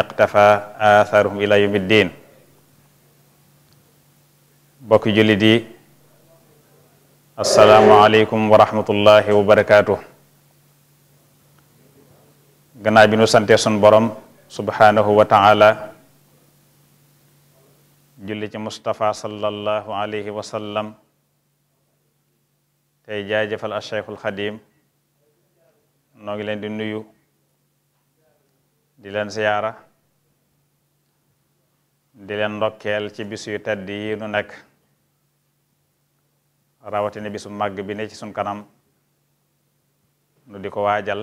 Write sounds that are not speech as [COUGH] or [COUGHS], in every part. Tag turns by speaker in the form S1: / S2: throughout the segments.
S1: iqtafa atharuhum ila yawmi ddin bokki jullit yi asalaamualeykum wa rahmatullahi wa barakaatu gannaaw bi subhaanahu wa taala Mustafa sallallahu alayhi wa tey jaajëfal a Cheikhul Xadim noo ngi leen di nuyu di leen siyaara di leen ci bis yu tedd yi nu nekk rawatina bisu màgg bi ne ci suñ kanam nu di ko waajal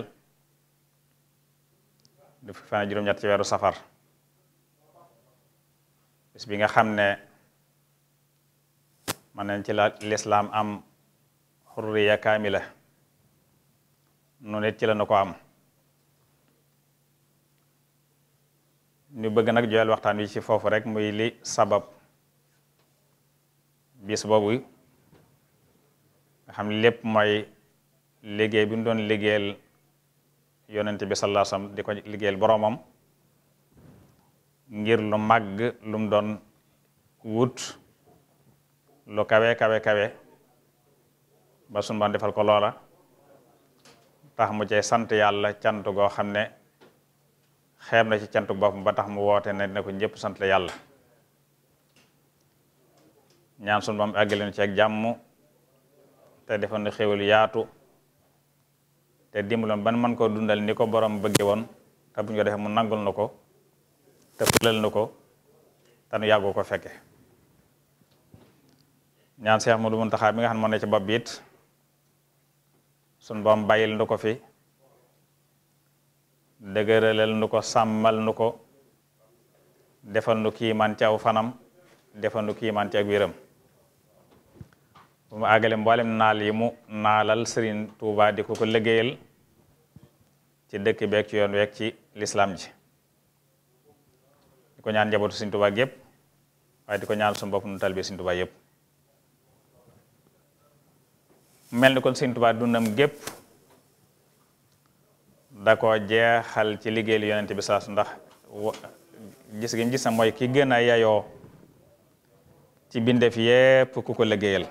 S1: du juróom-ñett ci weeru safar bis bi nga xam ne mën nañ ci la lislaam am xurriya kaamila nu nit ci la nu ko am ñu bëgg nag joyal waxtaan wi ci foofu rek muy li sabab bis boobu nga xam lépp mooy liggéey bi mu doon liggéeyal yonent bi sallallahu alayhi di ko liggéeyal boroomam ngir lu màgg lum doon wut lu kawe kawe kawe ba sunu Boroom defal ko loola tax mu sant yàlla cant goo xam ne xeeb na ci cantu boppam ba tax mu wootee ne ne ko ñëpp sant la yàlla ñaan sun moom àggale na ci ak jàmm te defal na xéwal yaatu te dimbaloon ban man koo dundal ni ko borom bëgge woon te buñu ko defee mu nangul na ko te fulal na ko te nu yàggu ko fekke ñaan Seex Mudu Muntaxa mi nga xam ne moo ne ci bopp bi it sun boom bàyyil na ko fi dëgëralal nu ko sàmmal nu ko defal nu kiimaan fanam defandu nu kiimaan ci ak wéram bu mu àggale naal mu naalal Serigne Touba di ko ko liggéeyal ci dëkk beeg ci yoon weeg ci lislaam ji di ko ñaan njabootu Serigne Touba gépp waaye di ko ñaan suñu bopp nu talibé Serigne Touba yëpp mel ni kon Serigne dundam gépp da ko jeexal ci liggéeyal yonent bi saas ndax gis gi mooy ki gën a yayoo ci bindeef yépp ku ko liggéeyal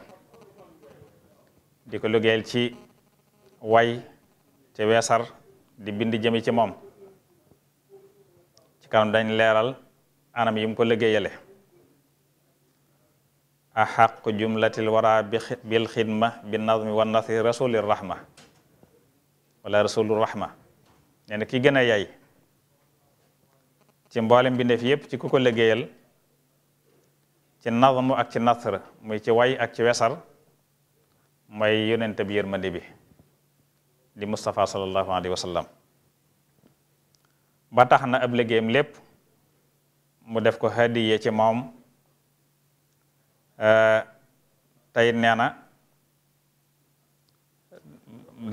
S1: di ko liggéeyal ci way ci weesar di bind jëmi ci moom ci kanam dañ leeral anam yi ko liggéeyale a xaq jumlatil wara bil xidma bi nazmi wa nasri rasulirrahma wala rasulurrahma nee ki gën a yay ci mboolem mbindeef yépp ci ku ko liggéeyal ci nazmu ak ci nasr muy ci way ak ci wesar mooy yonente bi yërmande bi di Mustafa sallallahu alayhi wa sallam ba tax na ab liggéeyam lépp mu def ko hadiye ci moom euh, tey nee na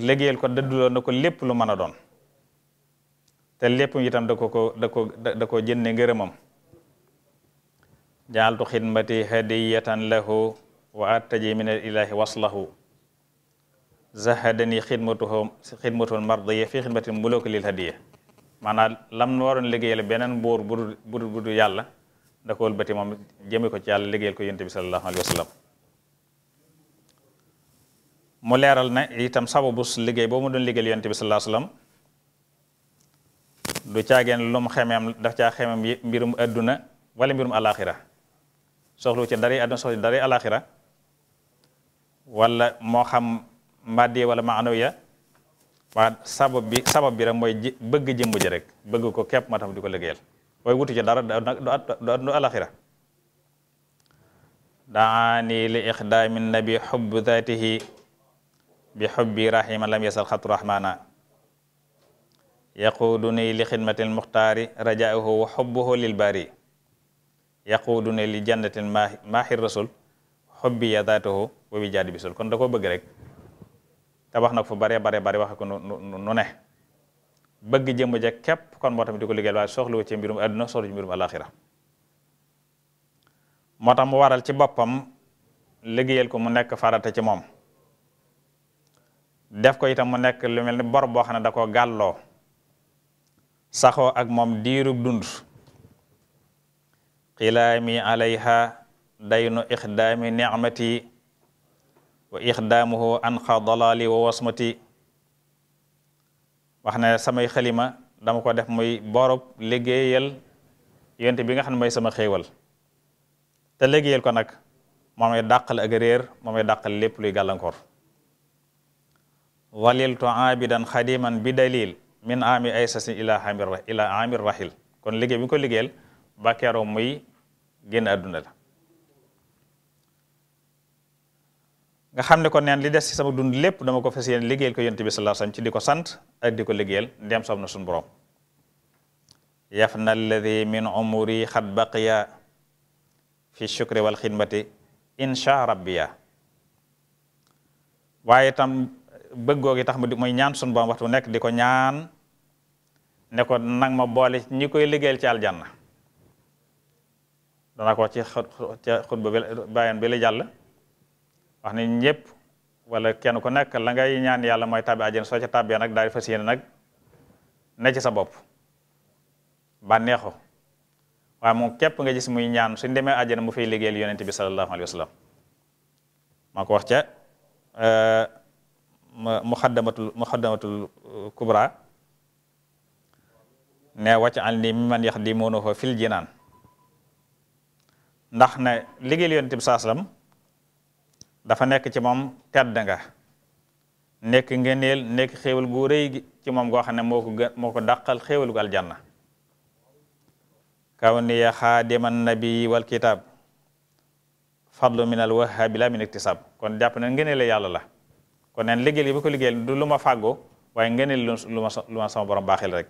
S1: liggéeyal ko dëdduloo na ko lépp lu mën a doon te lépp itam da ko ko da ko da ko jënne ngërëmam jaaltu xidmati hadiyatan lahu wa attaji min al ilahi waslahu zahadani xidmatuhu xidmatun mardiya fi xidmati muluki lil hadiya maanaam lam waroon liggéeyal beneen buur bu dul bu dul yàlla da ko wëlbati moom jëme ko ci yàlla liggéeyal ko yonent bi sallallahu alayhi wa sallam mu leeral na itam sababus liggéey boo mu doon liggéeyal yonent bi sallallahu alayhi du caageen lum xemeem daf caa xemeem mbirum adduna wala mbirum alaxira soxlu ci dara adduna soxlu ci dara alaxira wala moo xam maddi wala maanawiya waa sabab bi sabab bi rek mooy bëgg jëmb ji rek bëgg ko képp moo tax di ko liggéeyal waaye wutu ci dara du du alaxira daani li ixdaami nabi xubbu daatihi bi xubbi rahima lam yasal xatu rahmana yaquuduni li xidmatil muxtaari rajaahu wa xubbuhu lil baari yaquuduni li jannatil maaxir rasul xubbi yadaatuhu wa bi jaadi kon da koo bëgg rek te na nag fu bare bare bare waxe ko nu ne bëgg jëmm ja képp kon moo tamit di ko liggéeyal waaye soxlawu ci mbirum adduna soxlu ci mbirum alaxira moo tax mu waral ci boppam liggéeyal ko mu nekk farata ci moom def ko yitam mu nekk lu mel ni bor boo xam ne da koo gàlloo saxoo ak moom diirub dund xilaami alayha daynu ixdaami nicmati wa ixdaamuhu anqa dalali wa wasmati wax ne samay xalima dama ko def muy borob liggéeyal yonent bi nga xam ne mooy sama xéewal te liggéeyal ko nag moo may dàqal ak réer may dàqal lépp luy gàllankoor waliltu aabidan xadiman bi dalil min ami ay sasin ila amir rahil kon liggéey bi ñu ko liggéeyal ba keroog xam ne kon neen li des ci sama dund lépp dama ko fas yéene liggéeyal ko yonent bi sallallahu alayhi ci di ko sant ak di ko liggéeyal ndem soob na suñu borom yaf na alladi min umuri xat baqiya fi shukri wal xidmati insha rabbiya waaye itam bëggoo gi tax mu di mooy ñaan sun borom waxtu nekk di ko ñaan ne ko nag ma boole ñi koy liggéeyal ci aljanna dana ko wax ci xutba bi bàyyeen bi la jàll wax ne ñëpp wala kenn ku nekk la ngay ñaan yàlla mooy tàbbi àjjana soo ca tàbbee nag daal fa fas yéene nag ne ci sa bopp bànneexu waaye moom képp nga gis muy ñaan suñ demee àjjana mu fay liggéeyal yonent bi sallallahu alayhi wa sallam maa ko wax ca euh, muxaddamatul muxaddamatul kubra ne wàcc an li mi man yax di moonu fa fil jinaan ndax ne liggéeyal yonent bi saaslam dafa nekk ci moom tedd nga nekk ngeneel nekk xéewal gu rëy ci moom goo xam ne moo ko moo ko dàqal xéewal gu aljanna kaw niya xaadiman nabi wal kitab fadlu min al wahabi la min iktisab kon jàpp ne ngeneel yàlla la kon neen liggéeyal yi bi ko du lu ma fàggo waaye ngeneel lu ma lu ma sama borom baaxel rek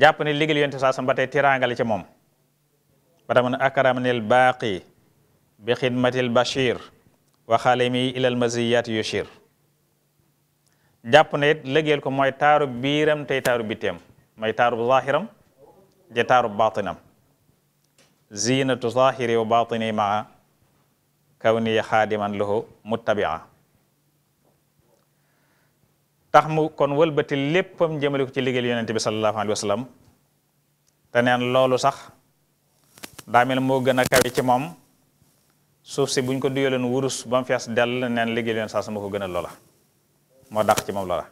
S1: jàpp ne liggéey yonte saa sam ba tey tiraanga la ci moom ba tax mu bi xidmatil bashir wa xalimi ilal maziyat yushir jàpp ne it liggéeyal mooy taaru biiram tey taaru bitteem mooy taaru zahiram de taaru batinam zinatu zahiri wa batini maa kawni xaadiman lahu muttabia tax mu kon wëlbati léppam jëmale ko ci liggéeyal yonent bi sallallahu alayhi wa te neen loolu sax daa mel moo gën a kawe ci moom suuf si buñ ko duyaloon wurus ba mu fees dell neen liggéeyal yonent saa sama ko gën a loola moo dàq ci moom loola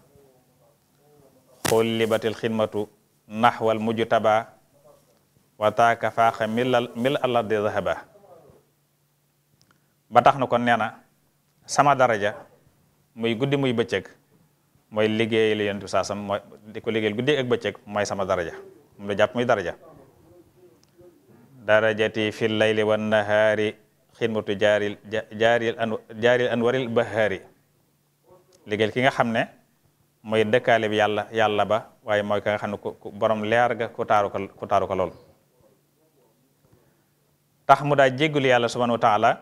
S1: xullibatil xidmatu naxwal mujtaba wa taaka faaxa mil mil allah de zahaba ba tax na ko nee na sama daraja muy guddi muy bëccëg mooy liggéeyal yonent bi saa sam di ko liggéeyal guddi ak bëccëg mooy sama daraja moom la jàpp muy daraja darajati fi layli wan nahaari xidmatu jaaril jaaril an jaaril anwaril bahaari liggéeyal ki nga xam ne mooy dëkkaale bi yàlla yàlla ba waaye mooy ka nga xam ne borom leer ko ku lool tax mu daa jéggul yàlla subhanahu wa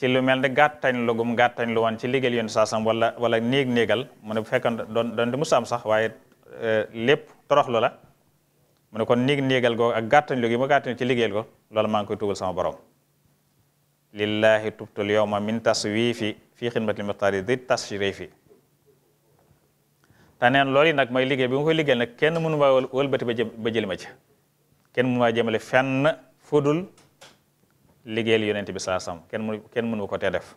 S1: ci lu mel ne gàttañ lu gum gàttañ lu woon ci liggéeyal yon saasam wala wala néeg néegal mu ne bu fekkoon doon doon di musa sax waaye eh, lépp toroxlu la mu ne kon néeg néegal googu ak gàttañ lu gi ma gàttañ ci liggéeyal ko loolu maa ngi koy tugal sama borom lillahi tubtul yawma min taswifi fii xidmatil muxtaari di tasrifi te neen loolu yi nag mooy liggéey bi ma koy liggéeyal nag kenn mënu maa wëlbati ba jël ma ci kenn mënu maa jëmale fenn fudul liggéeyal yonent bi saa sam kenn mënu kenn mënu ko tee def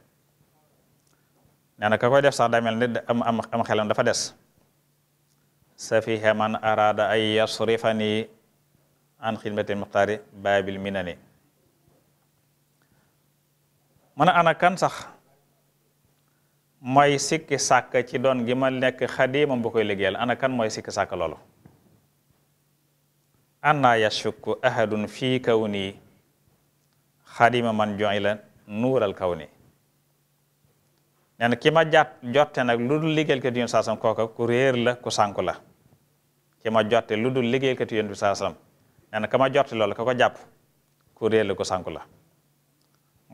S1: na ka koy def sax daa mel ni am am xelam dafa des safiha man araada ay yasrifani an xidmati muxtaari baabil minani mën a ana kan sax mooy sikki sàkk ci doon gi ma nekk xadiimam bu koy liggéeyal ana kan mooy sikki sàkk loolu anna yashukku ahadun fii kaw nii xadima man joila nuural kaw ni nee na ki jotte nag lu dul liggéeykat yoon saasam kooka ku la ku sànku la ki ma jotte lu dul liggéeykat yoon bi saasam nee na ka ma jotte loolu ka ko jàpp la ku sànku la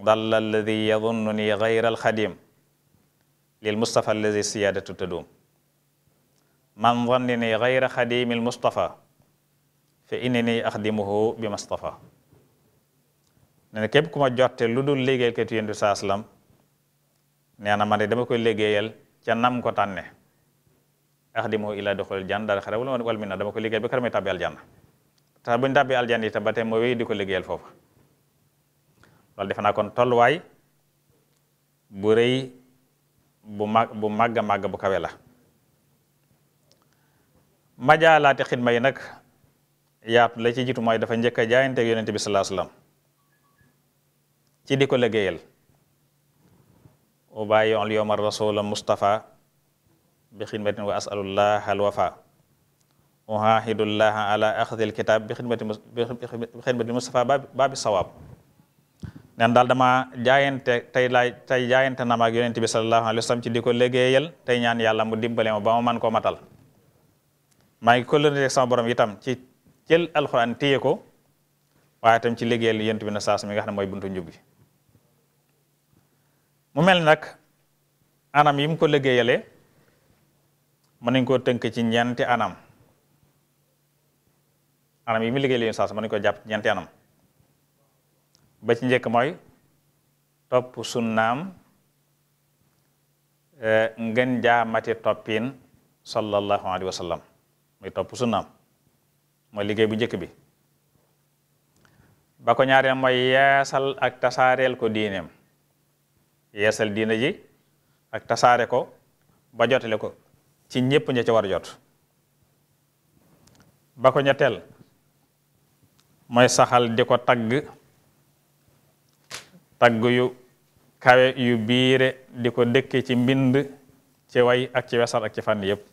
S1: dalla alladi yadunnu ni alxadim lil mustapha alladi siyadatu tadum man zanni ni gayra xadimi almustapha fa inni axdimuhu bi mustapha nee na képp ku ma jotte lu dul liggéeykatu yéen du saaslam nee na man de dama koy liggéeyal ca nam ko tànne axdimu ila duxulil janna daal xare wala wal dama koy liggéeyal ba kër may tàbbi aljanna te buñ ba tey moo wéy di ko liggéeyal foofu loolu kon tolluwaay bu rëy bu mag bu màgg a màgg bu kawe la majaalaati xidma yi nag yaatu la ci jiitu mooy dafa njëkk a jaayante ak yonente bi salaa ci di ko liggéeyal ubayi'ul yawma rasula mustafa bi xidmatin wa as'alullah alwafa uhahidullah ala akhdhil kitab bi xidmati sawaab nen daal dama jaayante tey laay na ma ak yonent bi sallallahu alayhi wa ci di ko liggéeyal tey ñaan yàlla mu dimbale ma ba ma man koo matal maa ngi kóllëre sama borom ci jël alxuraan téye ko waaye itam ci liggéeyal yonent bi na saas mi nga xam ne buntu njub mu mel nag anam yi mu ko liggéeyale mën nañ koo tënk ci ñeenti anam anam yi mu liggéeyale yoon saas mën nañ koo jàpp ci ñeenti anam ba ci njëkk mooy topp sunnaam eh, ngën jaamati toppin sallallahu alayhi wa sallam muy topp sunnaam mooy liggéey bu njëkk bi bako ko mooy yeesal ak tasaareel ko diineem yeesal diina ji ak tasaare ko ba jotale ko ci ñépp ña ci war jot ba ko ñetteel mooy saxal di ko tagg tagg yu kawe yu biire di ko dëkk ci mbind ci way ak ci wesal ak ci fànn yépp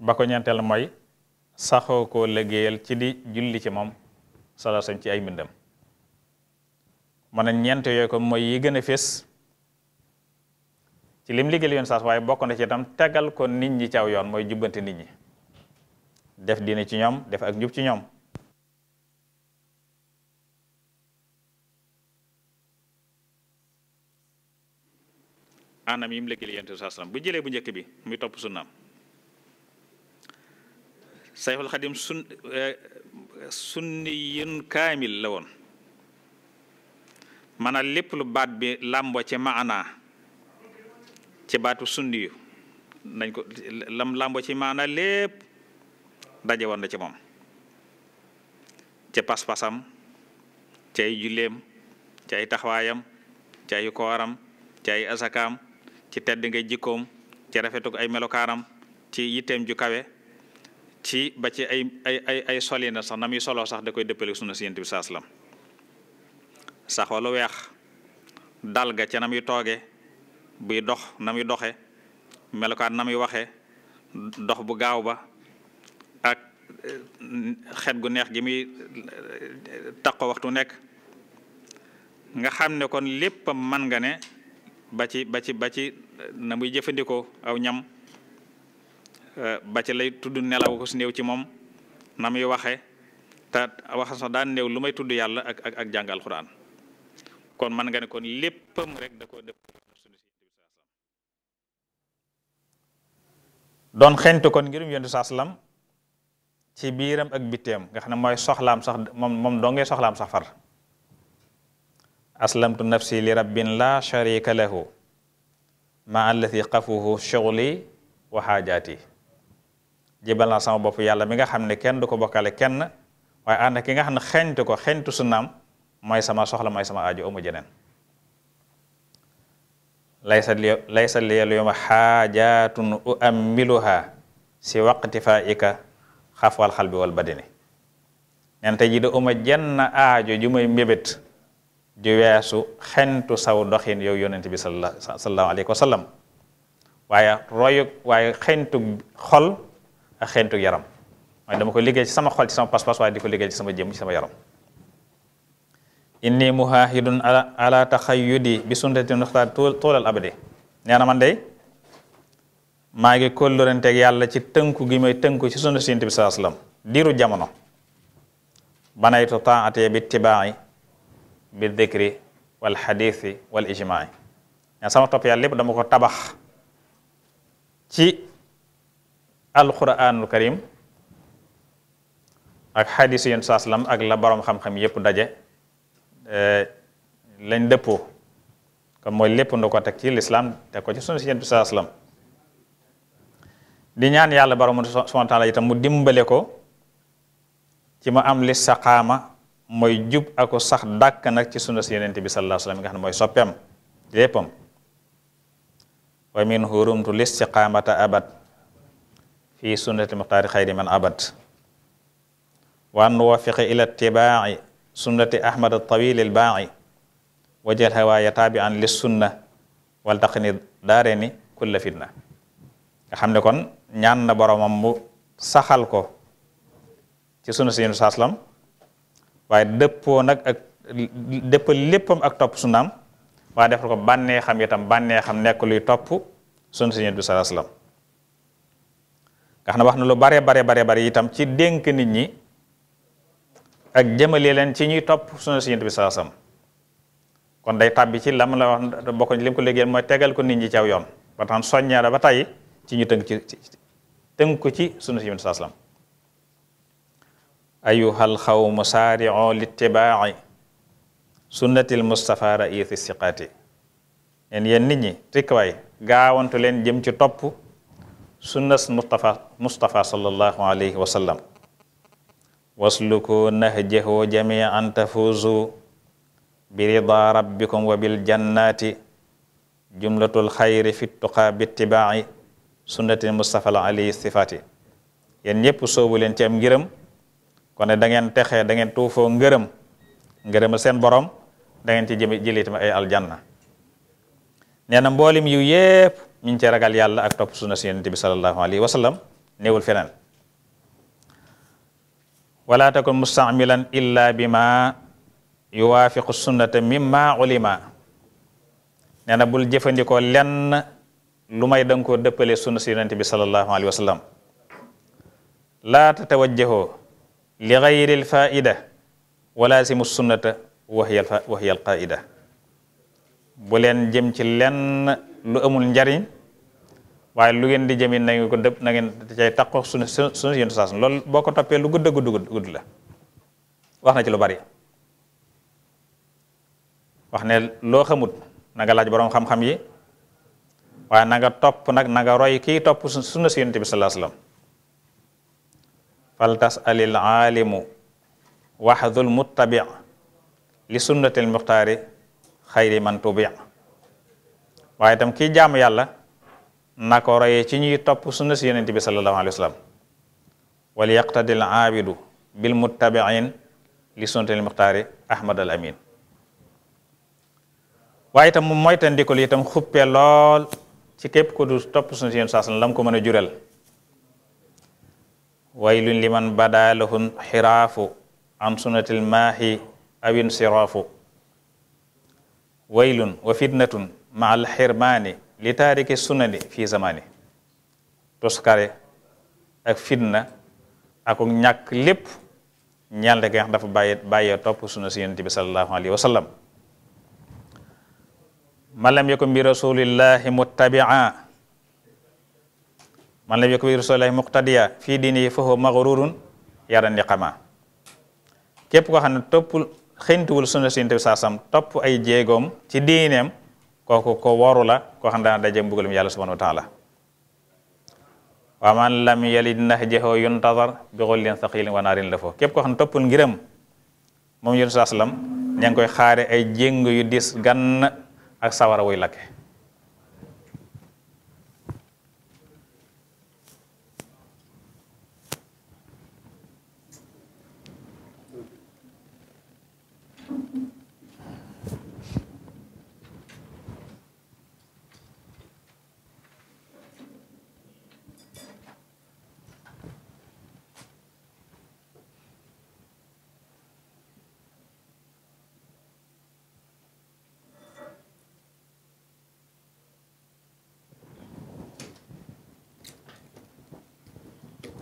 S1: ba ko ñeenteel mooy saxoo koo liggéeyal ci di julli ci moom sala sañ ci ay mbindam mën a ñeent yooyu ko mooy yi gën a fés ci lim liggéey yoon saas waaye bokk na ci itam tegal ko nit ñi ci yoon mooy jubbante nit ñi def diine ci ñoom def ak njub ci ñoom anam yi mu liggéey yoon saas bu jëlee bu njëkk bi muy topp sunnaam sayxul xadim sun eh, sunniyun kaamil la woon mana lépp lu baat bi làmbo ci maana ci baatu sundiyu nañ ko lam làmbo ci maana lépp daje woon na ci moom ci pas-pasam ci ay julleem ci ay taxawaayam ci ay kooram ci ay asakaam ci tedd ngay jikkoom ci rafetuk ay melokaaram ci yitteem ju kawe ci ba ci ay ay ay ay solina sax na muy soloo sax da koy dëppale sunu siyent bi lam sax lu weex dal ga ca na tooge buy dox na muy doxe melukaat na muy waxe dox bu gaaw ba ak eh, xet gu neex gi muy eh, taqo waxtu nekk nga xam ne kon lépp man nga ne ba ci ba ci ba ci eh, na muy jëfandikoo aw ñam ba ci lay tudd nelaw ko su néew ci moom na muy waxe te wax sax daan néew lu may tudd yàlla ak ak ak jàng alxuraan kon man nga ne kon léppam rek da koo def doon xentu kon ngirum yontu saa salaam ci biiram ak bitteem nga xam ne mooy soxlaam sax moom moom doo ngay soxlaam sax far aslamtu nafsi li rabbin la sharika lahu ma allati qafuhu shughli wa xaajaati jibal naa sama bopp yàlla mi nga xam ne kenn du ko bokkale kenn waaye ànd ki nga xam ne xentu ko xentu sunnaam may sama soxla may sama aajo amu jeneen laysa li laysa li yawma xaajaatun uammiluha si waqti fa ika xafwal xalbi wal badini nen tey ji da uma jenn aajo ju may mbébét ju weesu xentu saw doxin yow yonent bi sallallahu alayhi wa sallam waaye royu waaye xentu xol ak xentu yaram mooy dama ko liggéey ci sama xol ci sama pas-pas waaye di ko liggéey sama jëm sama yaram inni muhaahidun ala ala taxayyudi bi sunnati nuxtaar tuulal abadi nee na man de maa ngi kóllëranteeg yàlla ci tënku gi may tënku ci sunna Yonent bi sallallahu alayhi wa sallam diiru jamono banaytu taatee bi tibaa'i bi dikri wal xadiisi wal ijmaa'i ne sama topp yàlla lépp dama ko tabax ci alquranul karim ak xadiisu Yonent bi sallallahu alayhi wa sallam ak la borom xam-xam yépp daje Eh, lañ dëppoo kon mooy lépp nda ko teg ci lislaam te ko ci sunu si yent bi saa salaam di ñaan yàlla borom subhaanahu mu dimbale ko ci ma am li saqaama mooy jub ako sax dàkk nag ci sunna si yonent bi sallallahu alayhi wa sallam nga xam ne mooy soppeem léppam wa min hurumtu listiqaamata abad fi sunnati muxtaari xayri man abad wa an wafiqi ila tibaaci sunnati ahmad altawil albaai wajal hawaaya taabian lissunna waltaqni daareni kulla fitna nga xam ne kon ñaan na boromam mu saxal ko ci sunna sinu saaslam waaye dëppoo nag ak dëppal léppam ak topp sunnaam waaye defal ko bànnee xam itam bànnee xam nekk luy topp sunna sinu saaslam nga xam ne wax na lu bare bare bare bare itam ci dénk nit ñi ak jëmale leen ci ñuy topp sunu si yonent kon dey tàbbi ci lam la wax bokk li mu léegi mooy tegal ko nit ñi ci aw yoon ba tax soññaa ba tey ci ñu tënk ci tënk ko ci sunu si yonent bi saasam ayuhal xawmu saari'u littibaa'i sunnatil Mustafa raisi siqaati yéen yéen nit ñi rikwaay gaawantu leen jëm ci topp sunnas Mustafa Mustafa sallallahu alayhi wa wasluku nahjahu jami'an tafuzu birida rabbikum wa bil jannati jumlatul xayri fi tuqa bittibaai sunnati mustafa al ali sifati yéen ñëpp soobu leen ci am ngërëm kon da ngeen texee da ngeen tuufoo ngërëm ngërëm seen borom da ngeen ci jëme jëlee ay aljanna nee na mboolim yu yépp ñu ngi ci ragal yàlla ak topp sunna si yonent bi sallallahu alayhi wa sallam néewul wala takun mustamilan illa bima yuwaafiqu sunnata mimma ulima nee na bul jëfandikoo lenn lu may danga koo dëppale sunna bi salallahu alayhi wa sallam laa tatawajjahoo li gayri lfaida walaasimu wahiya alqaida bu leen jëm ci lenn lu amul njariñ waaye lu ngeen di jëmin na ngeen ko dëpp na ngeen cay taqoo suñu suñu yéen saa loolu boo ko toppee lu gudd a gudd gudd la wax na ci lu bari wax ne loo xamut na laaj boroom xam-xam yi waaye na topp nag na roy ki topp sunna si yonent bi sallallahu alayhi wasallam fal tasalil aalimu waxdul li sunnatil muxtaari xayri man waaye itam kii jaamu yàlla na ko ci ñuy topp sunna si yonent bi sallallahu alayhi wa sallam wal yaqtadi muttabiin li sunnatil muxtaari ahmad al amin waaye itam mu moytandikul itam xuppe lool ci képp ku du topp sunna si yonent sallallahu alayhi wa sallam lam ko mën a jural waylun liman bada lahun xiraafu an sunnatil maahi awin siraafu waylun wa fitnatun ma al li taariki sunnani fii zamani toskare ak fitna ak ñàkk lépp ñaan la nga dafa bàyyi bàyyee topp sunna si yonent bi sallallahu alayhi wa sallam man lam bi rasulillahi muttabi'a man fii diini fa huwa maghrurun yaran liqama képp koo xam ne toppul xëntuwul sunna si topp ay jegoom ci diineem kooku ko waru la koo xam dana daje mbugalum yàlla subhanahu wa taala wa man lam yalid nahjahu yuntazar bi xullin saqilin wa naarin la fo képp koo xam ne toppul ngiram moom yonent saa sallam ña ngi koy xaare ay jéng yu dis gann ak sawara wuy lakke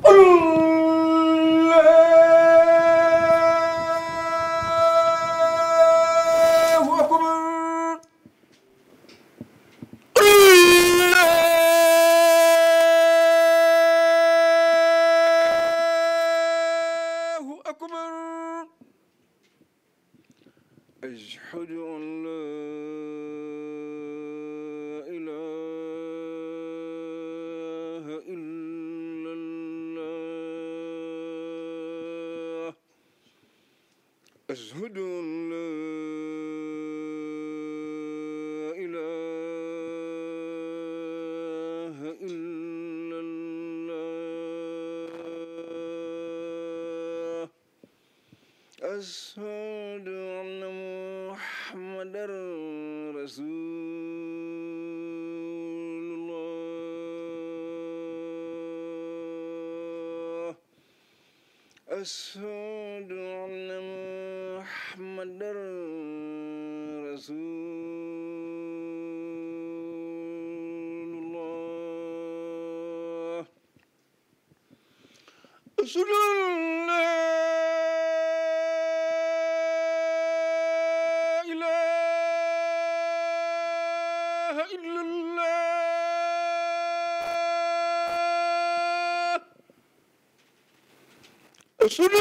S2: Allah Sunu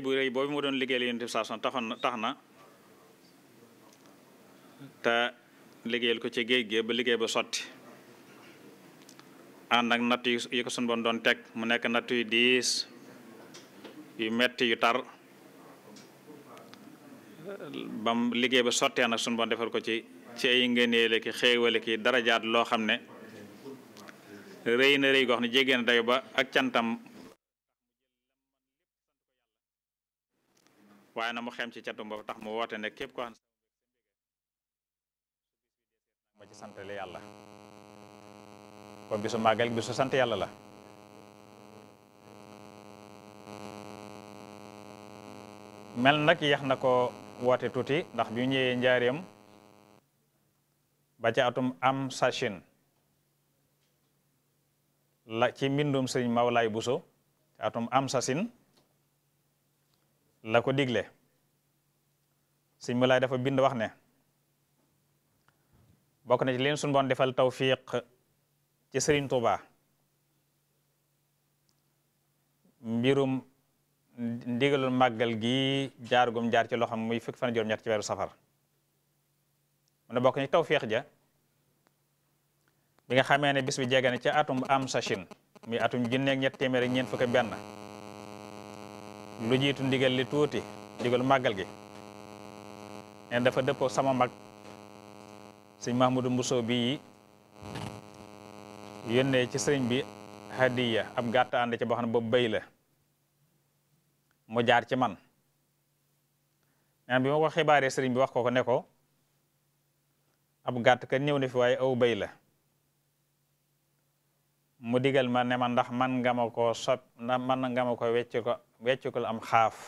S1: bu rëy boobu mu doon liggéeyal yonent bi saasan taxoon na tax na te liggéeyal ko ci géej gi ba liggéey ba sotti ànd ak natt sun bon doon teg mu nekk natt yu diis yu metti yu tar bam liggéey ba sottee nag sun bon defal ko ci ci ay ngëneele ki xéewale ki darajaat loo xam ne rëy na rëy goo xam ne na dayo ba ak cantam waaye na mo xem ci catum ba tax mu woote ne képp ko xam ma ci santale yàlla kon bisu màggal bisu sant yàlla la mel nag yax na ko woote tuuti ndax bi ñëwee njaareem ba ca atum am sachin la ci mbindum sëriñ Mawlaay Buso atum am sasin la ko digle sëñ mu laay dafa bind wax ne bokk na ci leen suñu boon defal tawfiq ci sëriñ Tuuba mbirum ndigalul màggal gi jaar gum jaar ci loxam muy fukk fan juróom ñett ci weeru safar mu ne bokk na ci tawfiq ja bi nga xamee ne bis bi jege na ca atum am sachin muy atum junneeg ñett téeméer ak ñeent fukk benn lu jiitu ndigal li tuuti ndigalu màggal gi ne dafa dëppoo sama mag sëñ Mahmoudou Mbuso bii yónnee ci sëriñ bi hadiya ab gàtt ànd ci boo xam ne la mu jaar ci man neen bi ma ko xibaaree sëriñ bi wax ko ko ne ko ab gàtt ka ñëw na fi waaye aw béy la mu digal ma ne ndax man nga ma koo ndax man nga ma ko wecc weccukul am xaaf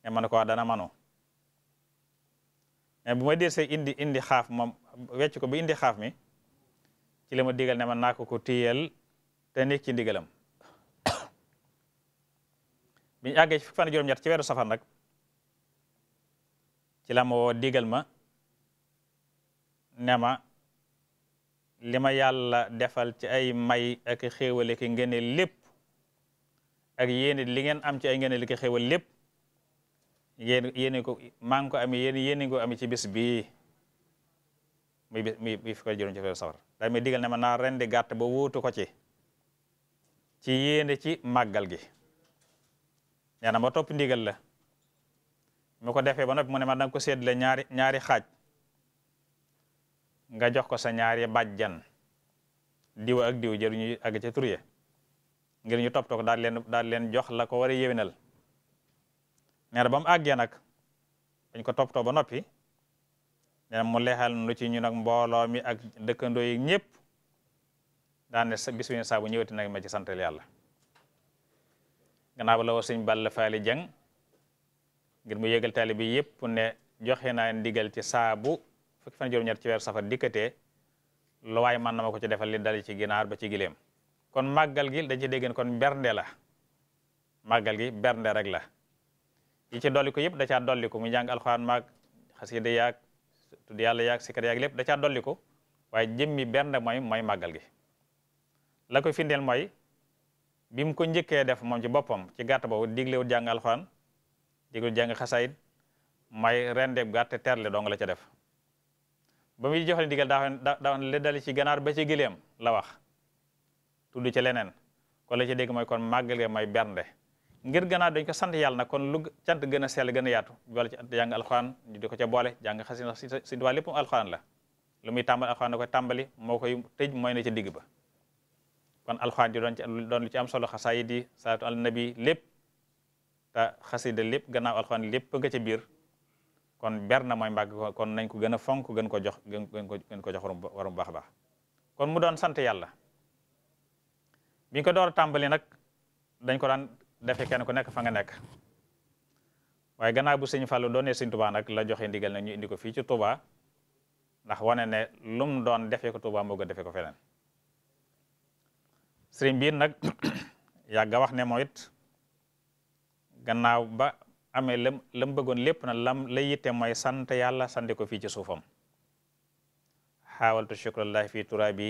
S1: nga mën ko ah, dana mano mais bu ma dir indi indi xaaf moom wecc ko bi indi xaaf mi ci la ma digal ne ma naa ko ko téyal te ci digalam [COUGHS] biñu àggee fukki juróom-ñett ci weeru safar nag ci la ma woo digal ma ne ma li ma yàlla defal ci ay may ak xéewale ki ngene lépp ak yéene li ngeen am ci ay ngeene li ko xewal lépp yéen yéene ko maa ngi ko amee yéen yéene ko amee ci bis bii muy muy muy fukki juróom ci safar daa may digal ne ma naa rendi gàtt ba wuutu ko ci ci yéene ci màggal gi nee na ma topp ndigal la mu ko defee ba noppi mu ne ma danga ko séddale ñaari ñaari xaaj nga jox ko sa ñaari bàjjan diw ak diw jëruñu àgg tur ya ngir ñu toppatoo ko daal leen daal leen jox la ko war a yéwénal nee na ba mu àggee nag dañ ko toppatoo ba noppi nee mu leexal lu ci ñu nag mbooloo mi ak dëkkandoo yi ñëpp daane bis wi saa bu ñëwati nag ma ci santal yàlla gannaaw la war sëñ Balla Faali Jeng ngir mu yëgal taali bi yëpp ne joxe naa ndigal ci saabu fukki fan juróom-ñett ci weer safar dikkatee lu waay mën na ma ko ci defal li dali ci ginaar ba ci gileem kon màggal gi da ci dégg kon bernde la màggal gi bernde rek la yi ci dolliku yëpp da caa dolliku mu jàng alxuraan maag xasida yaag tudd yàlla yaag sikar yaag lépp da caa dolliku waaye jëmmi bernde mooy mooy màggal gi la ko findeel mooy bi ko njëkkee def moom ci boppam ci gàtt boobu diglewul jàng alxuraan diglewul jàng xasaayid may rendeb gàtt terle dong la ca def ba muy joxe digal daa daa li dali ci ganaar ba ci gileem la wax tudd ci leneen kon la ci dégg mooy kon màggal ga mooy bernde ngir gannaaw dañ ko sant yàlla nag kon lu cant gën a sell gën a yaatu boole ci jàng alxuraan ñu ko ca boole jàng xasi na Sëñ Tuubaa lépp mu alxuraan la lu muy tàmbali alxuraan da tàmbali moo koy tëj mooy ca digg ba kon alxuraan ji doon ci doon lu ci am solo xasaayid yi salaatu al nabi lépp te xasida lépp gannaaw alxuraan lépp nga ca biir kon ber na mooy mbàgg kon nañ ko gën fonk gën ko jox gën ko gën ko jox warum baax a kon mu doon sant yàlla bi ko door a tàmbali nag dañ ko daan defe kenn ko nekk fa nga nekk waaye gannaaw bu sëñ Fallou doonee sëñ Touba nag la joxe ndigal na ñu indi ko fii ci Touba ndax wane ne lum doon defee ko Touba moo gën defee ko feneen sëriñ biir nag [COUGHS] yàgg wax ne moom it gannaaw ba amee lam lam bëggoon lépp na lam la yitte mooy sant yàlla sante ko fii ci suufam xaawaltu shukrallahi fii turaabi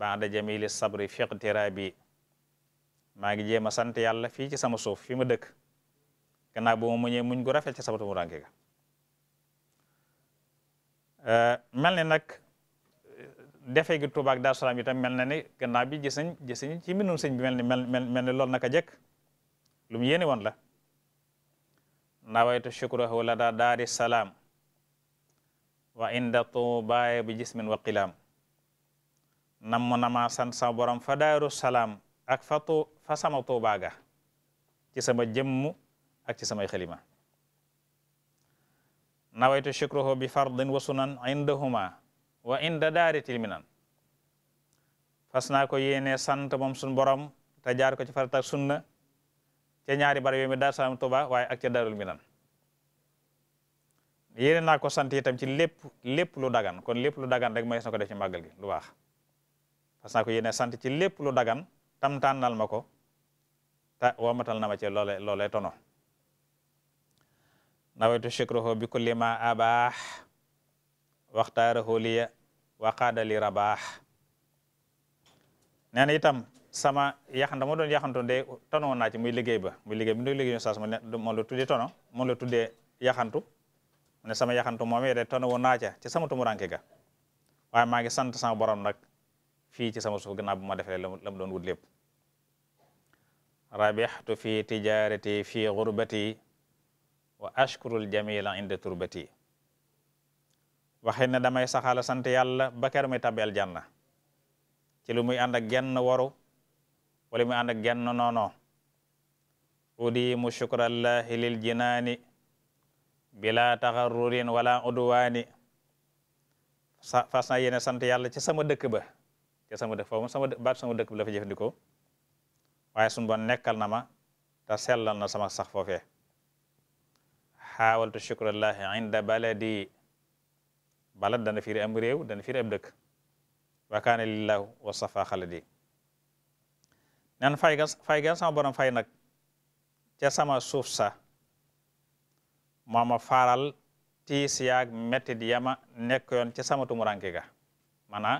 S1: baada jamili sabri fiqtira bi maa ngi jéem a sant yàlla fii ci sama suuf fi ma dëkk gannaaw bu ma muñee muñ gu rafet ci sabatu mu ranke mel ni nag e, defe gi Tuubaa ak Daaru Salaam itam mel na ni gannaaw bi gis nañ gis nañ ci mbindum sëñ bi mel ni mel mel ni loolu naka jëkk lu mu yéene woon la nawaytu shukrahu la daa daari salaam wa inda tuubaaya bi jismin wa qilaam nam na ma sant sama borom fa daaru ak fa tu fa sama tuubaa ci sama jëmm ak ci sama xalima nawaytu shukruhu bi fardin wa sunan indahuma wa inda mi tilminan fas naa ko yéene sant moom sun borom te jaar ko ci farata ak sunna ca ñaari barab yooyu mi daar salaam tuuba waaye ak ca daarul minan yéene naa ko sant itam ci lépp lépp lu dagan kon lépp lu dagan rek may na ko def ci màggal gi lu baax parce que ko yéene sant ci lépp lu dagan tam tànnal ma ko te womatal na ma ce loole loole tono nawaytu shukruhu bi kulli ma abaax waxtaarahu liya waqaada li rabaax nee na itam sama yaxan dama doon yaxantu de tono naa ci muy liggéey ba mu liggéey bi muy liggéey saas moom la tuddee tono moom la tuddee yaxantu ne sama yaxantu moom de tono wu naa ca ci sama tumuranke ga waaye maa ngi sant sama borom nag fii ci sama suuf gannaaw bu ma defee la mu doon wut lépp rabixtu fi tijarati fi gurbati wa ashkurul jamila inda turbati waxit damay saxaala sant yàlla ba kër muy aljanna ci lu muy ànd waru wala muy ànd ak genn noono udimu shukrallahi lil jinaani bila taxarrurin wala udwaani fas na yéene sant yàlla ci sama dëkk ba sa sama dëkk foofu sama baat sama dëkk bi la fa jëfandikoo waaye sunu bon nekkal na ma te sellal na sama sax foofee xaawaltu shukrallahi inda baladi balad dana firi am réew dana firi ab dëkk wa lillahu wa safa xaladi nan fay ga fay ga sama fay nag ca sama suuf sa moo ma faaral tiis yaag mettit yama nekk yoon ca sama tumuranke ga maanaa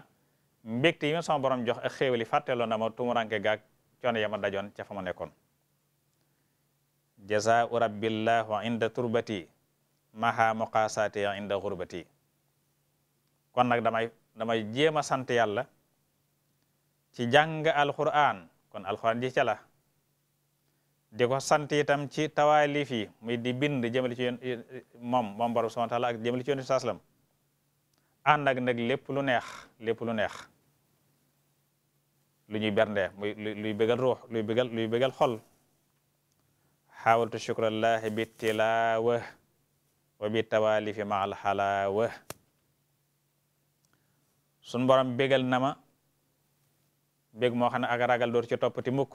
S1: mbégte yi ma sama jox ak xéewali fàtteeloo na ma tumuranke gaag coono ya ma dajoon ca fa ma nekkoon jazaau inda turbati maha muqaasati inda xurbati kon nag damay damay jéem a sant yàlla ci jàng alquran kon alquran ji ca di ko sant itam ci tawaalif yi muy di bind jëmali ci yoon moom moom borom subhanahu wa ci yoon bi ànd ak nag lépp lu neex lépp lu neex lu ñuy bernde muy luy ruux luy bégal luy bégal xol xaawaltu shukrallahi bi wa bi tawaalifi ma al sun borom bégal na ma bég moo xam ne ak ragal door ci toppati mukk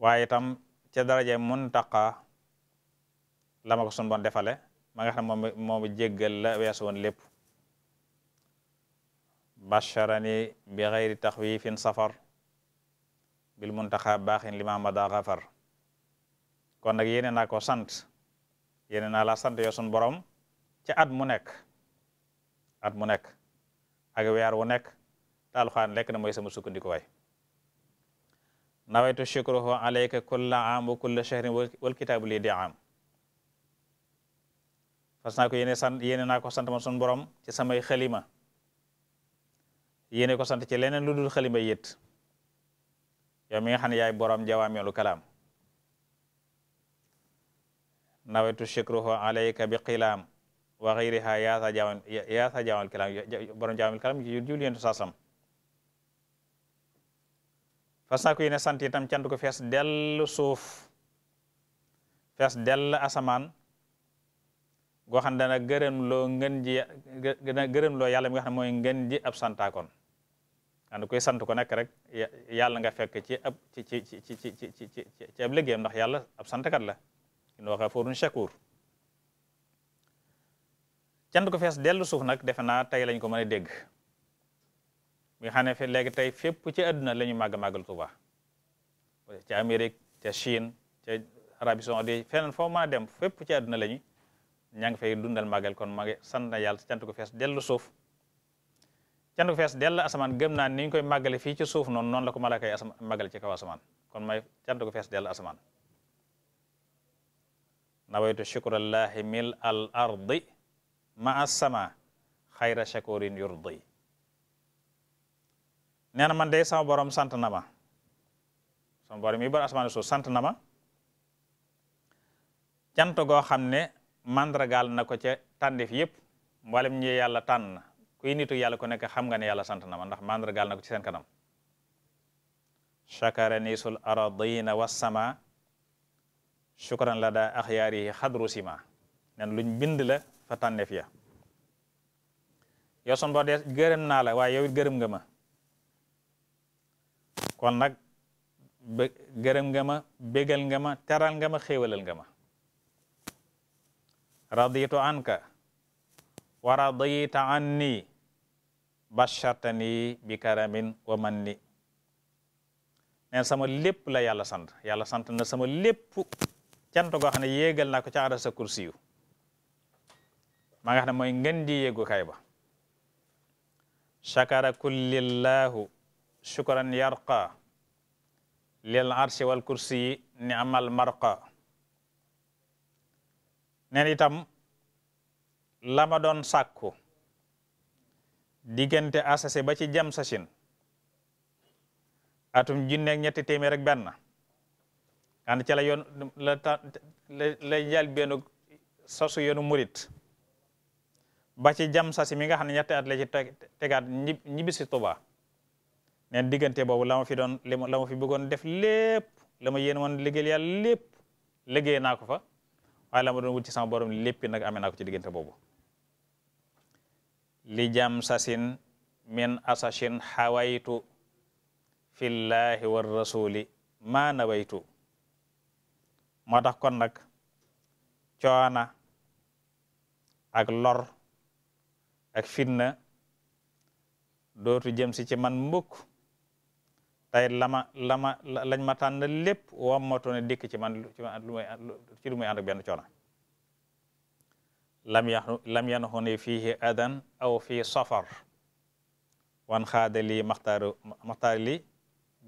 S1: waaye itam ca daraje muntaqa la ma ko sun borom defale ma nga xam moom moomu jéggal la weesu woon lépp basharani bi xayri taxwifin safar bil muntaxa baaxin li ma mada kon nag yéene ako sant yeneen naa la sant yoo borom ci at mu nekk at mu nekk ak weer wu nekk taal xaan lekk na mooy sama sukkandiku waay nawaytu shukruhu alayka kulla aam wa kulla shahrin wal kitaabu lii aam fas naa ko yéene sant yéene naa ko sant ma borom ci samay xalima yéene ko sant ci leneen lu dul xalima yét yow mi nga xam ne yaay borom jawaamilu kalaam nawaytu shukruhu alayka bi qilaam wa yaasa jaam yaasa jaamal kalaam borom jaamal kalaam yu jul yentu fas naa ko yéene sant itam cant ko fees dell suuf fees dell asamaan goo dana gërëm loo ngën ji dana yàlla mi nga xam mooy ngën ji ab santaakoon and koy sant ko nekk rek yàlla nga fekk ci ab ci ci ci ci ci ci ci ab liggéeyam ndax yàlla ab santkat la in wa ghafuurun shakuur cant ko fees dellu suuf nag defe naa tey lañ ko mën a dégg mi nga fi léegi tey fépp ci àdduna la ñu màgg màggal Tuuba ci Amérique ca Chine ca Arabie Saoudite feneen foo mën dem fépp ci àdduna la ña ngi fay dundal màggal kon ma ngi sant na yàlla cant ko fees dellu suuf cant ko fees dell asamaan gëm naa ni ñu koy màggale fii ci suuf noonu noonu la ko malaaka yi asamaan màggale ci kaw asamaan kon may cant ko fees dellu asamaan nawaytu mil al ardi ma asama xayra shakurin yurdi nee na man de sama borom sant na ma sama borom yi bar asamaan suuf sant na ma cant goo xam ne mandragaal na ko ca tàndeef yëpp mboolem ñi yàlla tànn kuy nitu yàlla ku nekk xam nga ne yàlla sant na ma ndax mandragaal na ko ci seen kanam chakara nisul aradina sama shukran la daa axyaarihi xadru sima nen luñ bind la fa tànneef ya yow son boo dee gërëm naa la waaye yow gërëm nga ma kon nag gërëm nga ma bégal nga ma teral nga ma xéewalal nga ma raditu anka wa radita anni bashartani bi karamin wa manni neen sama lépp la yàlla sant yàlla sant na sama lépp cant goo xam ne ko ca arasa kursi nga xam ne mooy ngën di yéegukaay ba shakara kullillahu shukran yarqa lil arshi wal kursi ni amal marqa nen itam la ma doon sàkku diggante asase ba ci jam sasin atum junneeg ñetti téeméer ak benn ànd ca la yoon la la jal benn sosu yoonu murit ba ci jam sasi mi nga xam ne ñetti at la ci tegaat ñibbisi Tuubaa neen diggante boobu la fi doon la ma fi bëggoon def lépp la ma yéen woon liggéeyal yàlla lépp liggéey naa ko fa waaye la ma doon wut ci sama borom léppi nag amee naa ko ci diggante boobu li jam sasin min asashin xawaytu fillahi war rasuli maa moo tax kon nag coona ak lor ak fitna dootu jëm si ci man mbokk tey lama lama lañ ma tànn lépp wammatoo ne dikk ci man lu may ci benn coono lam ya lam yanxuni fiihi aw fii safar wan xaada lii maxtaaru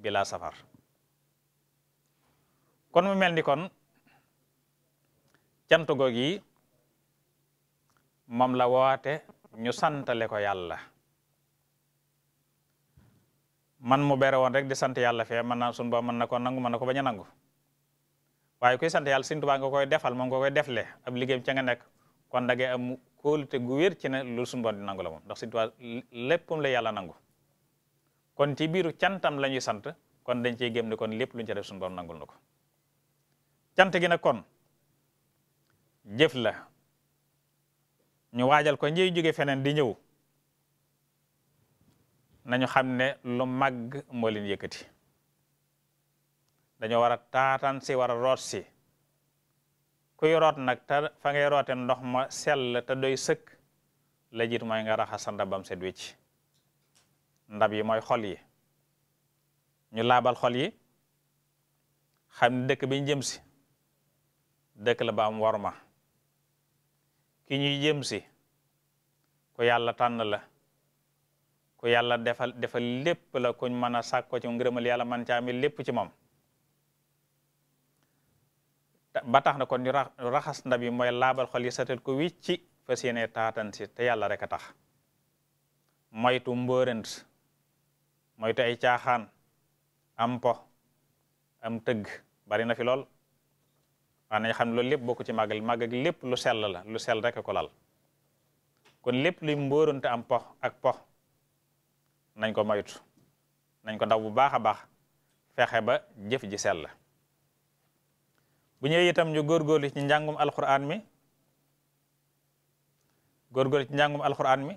S1: bila safar kon mu mel ni kon cant goog yi la woote ñu santale ko yàlla man mu bere woon rek de sant yàlla fe mën naa sunu ba mën na ko nangu mën na ko bañ a nangu waaye koy sant yàlla Sëriñ Tuubaa nga koy defal moom nga koy defle ab liggéeyam ca nga nekk kon da ngay am kóolute gu wér ci ne loolu sunu di nangu la moom ndax Sëriñ Tuubaa léppam la yàlla nangu kon ci biiru cantam la ñuy sant kon dañ cey gém ni kon lépp luñ ñu ca def sunu borom nangul na ko cant gi nag kon jëf la ñu waajal ko ñiy jóge feneen di ñëw nañu xam ne lu màgg moo leen yëkkati dañoo war a taataan si war a root si kuy root nag te fa ngay roote ndox ma sell te doy sëkk la jiit mooy nga raxas sa ndabam set wecc ndab yi mooy xol yi ñu laabal xol yi xam ne dëkk bi ñu jëm si dëkk la ba am ma ki ñuy jëm si ku yàlla tànn la ku yàlla defal defa lépp la kuñ mën a sàkko ci ngërëmal yàlla man caami lépp ci moom ba tax na kon ñu raxas ndab mooy laabal xol yi ko wicci fas yéene taatan si te yàlla rek a tax moytu mbërënt moytu ay caaxaan am po am tëgg bari na fi lool waa nañ xam ne loolu lépp bokku ci màggal màggal lépp lu sell la lu sell rek ko lal kon lépp luy mbërënt am po ak po nañ ko moytu nañ ko daw bu baax a baax fexe ba jëf ji sell la bu ñëwee itam ñu góorgóorlu ci njàngum alquran mi góorgóorlu ci njàngum alquran mi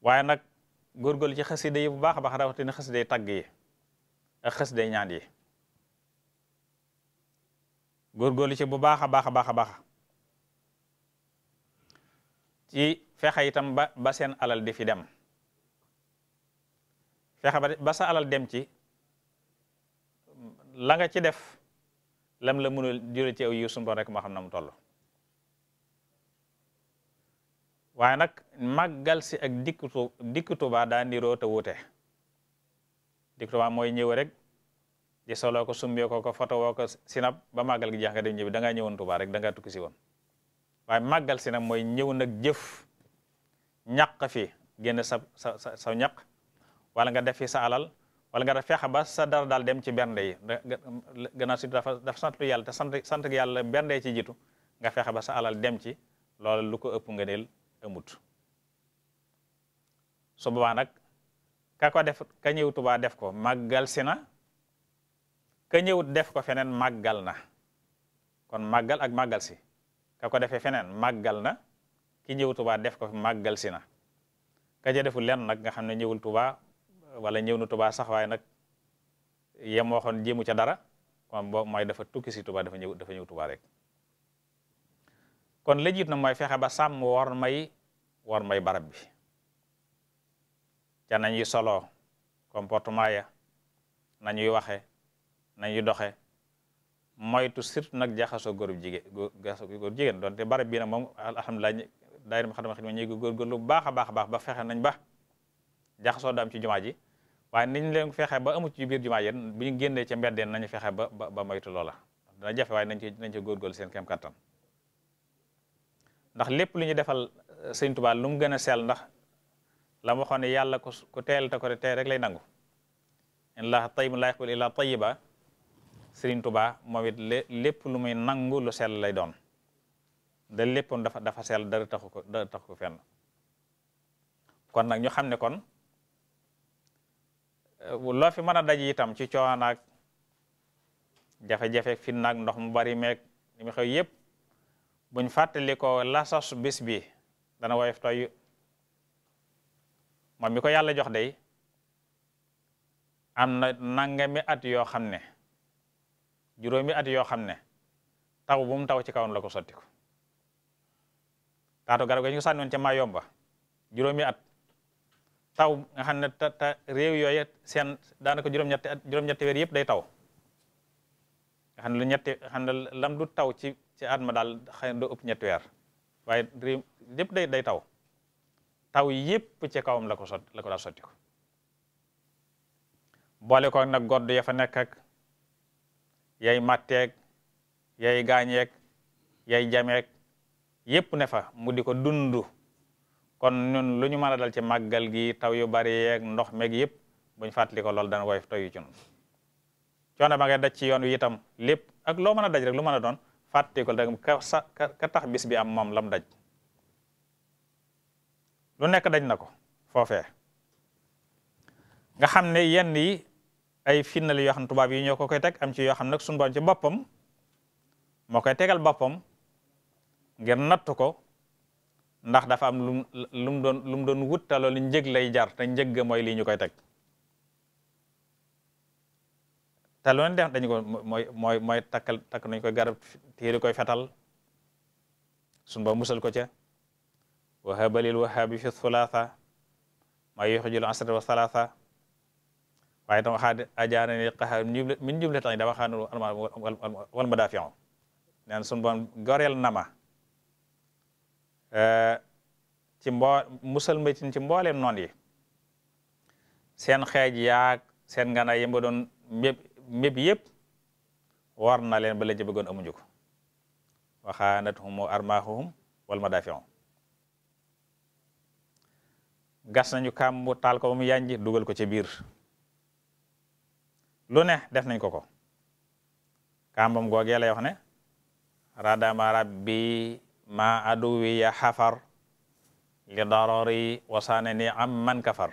S1: waaye nag góorgóorlu ci xasida yi bu baax a baax rawatina xasida yi tagg yi ak xasida yi ñaan yi góorgóorlu ci bu baax a baax a baax a baax ci fexe itam ba seen alal di fi dem fexe ba sa alal dem ci la nga ci def lam la mënul jure ci aw yiw suñu rek moo xam na mu toll waaye nag màggal si ak dikkutu dikku Tuubaa daa niroo te wuute dikku mooy ñëw rek di soloo ko sumbee ko ko foto woo ba màggal gi jeex nga dem ñëw da ngaa ñëwoon rek da ngaa tukki si woon waaye màggal si nag mooy ñëw nag jëf ñàq fi génn sa sa sa wala nga def fi sa alal wala nga def fexe ba sa dara daal dem ci bernde yi gannaaw si dafa dafa sant yàlla te sant sant yàlla bernde ci jiitu nga fexe ba sa alal dem ci loolu lu ko ëpp nga del amut su boobaa nag ka ko def ka ñëw Tuubaa def ko màggal si na ka ñëwut def ko feneen màggal na kon màggal ak màggal si ka ko feneen màggal na ki ñëw def ko màggal si na ka ca deful lenn nag nga xam ne ñëwul Tuubaa wala ñëw na tubaa sax waaye nag yem waxoon jéemu ca dara kon boobu mooy dafa tukki si tubaa dafa ñëw dafa ñëw Touba rek kon la na mooy fexe ba sàmm war may war may barab bi ca nañuy solo comportement ya nañuy waxe nañuy doxe moytu surtout nag jaxasoo góorub jigéen góor jigéen donte barab bii nag moom alhamdulilah daayira ma xam ne ñuy góorgóorlu bu baax a baax a baax ba fexe nañ ba jaxasoo du am ci jumaa ji waaye niñ leen fexe ba amu ci biir jumaa ji bu ñu génnee ci mbeddeen nañu fexe ba ba moytu loola dana jafe waaye nañ ci nañ ci góorgóorlu seen kem kattan ndax lépp lu ñu defal eh, sëñ Tuubaa lu mu gën a sell ndax la ma ne yàlla ko ku teel te ko tey rek lay nangu in laa tayyibun laa yaqbalu illaa tayyiba sëriñ Tuubaa moom it lépp lu muy nangu lu sell lay doon da léppam dafa dafa sell dara taxu ko dara taxu ko fenn kon nag ñu xam ne kon Eh, loo fi mën a daj itam ci coonaak jafe-jafe fi naag ndox mu bari meeg xew yépp buñ fàttali ko la sos bi dana woyof toy moom mi ko yàlla jox day am na nangami at yoo xam ne juróomi at yoo xam ne taw bu mu taw ci kawam la ko sotti ko taatu ga ñu ko sànniwoon ca Mayomba juróomi at taw nga xam ne ta ta réew yooyu seen daanaka juróom-ñetti juróom-ñetti weer yëpp day taw nga xam lu ñetti taw ci ci at ma daal xëy na ñetti weer waaye réew yëpp day day taw taw yëpp ci kawam la ko sot la ko daal sotti ko boole ko nag godd ya fa nekk ak yay matteeg yay gaañeeg yay jameeg yépp ne fa mu di ko dund kon lu ñu mën a dal ci màggal gi taw yu bari ndox meeg yëpp buñ fàttali ko loolu dana woyof taw yu ci noonu coono ba ngay daj ci yoon wi itam lépp ak loo mën a daj rek lu mën a doon fàttali ko rek bis bi am moom lam daj lu nekk daj na ko foofe nga xam ne yenn yi ay finnal yoo xam tubaab yi ñoo ko koy teg am ci yoo xam nag suñu borom ci boppam moo koy tegal boppam ngir natt ko ndax dafa am lum lu mu doon lu mu doon wut te loolu njëg lay jar te njëgg mooy lii ñu koy teg te lu leen def dañu ko mooy mooy takkal takk nañu koy garab téeri koy fetal suñu ba musal ko ca wahabi fi thulatha maa yuxrijul asra wa thalatha waaye tam waxaa ajaana ni qaha min jublatan dama neen suñu boom goreel nama Euh, ci mbo musal ma ci mbooleem noon yi seen xeej yaag seen nganaay yëmba doon méb méb yëpp war na leen ba lañ ci bëggoon amuñu ko waxaanathum armahuhum wal madafi'u gas nañu kàmbu taal ko ba dugal ko ci biir lu ne def nañ ko ko kàmbam googee lay wax ne radama rabbi ma aduwi ya xafar li darori wasaane ni am man kafar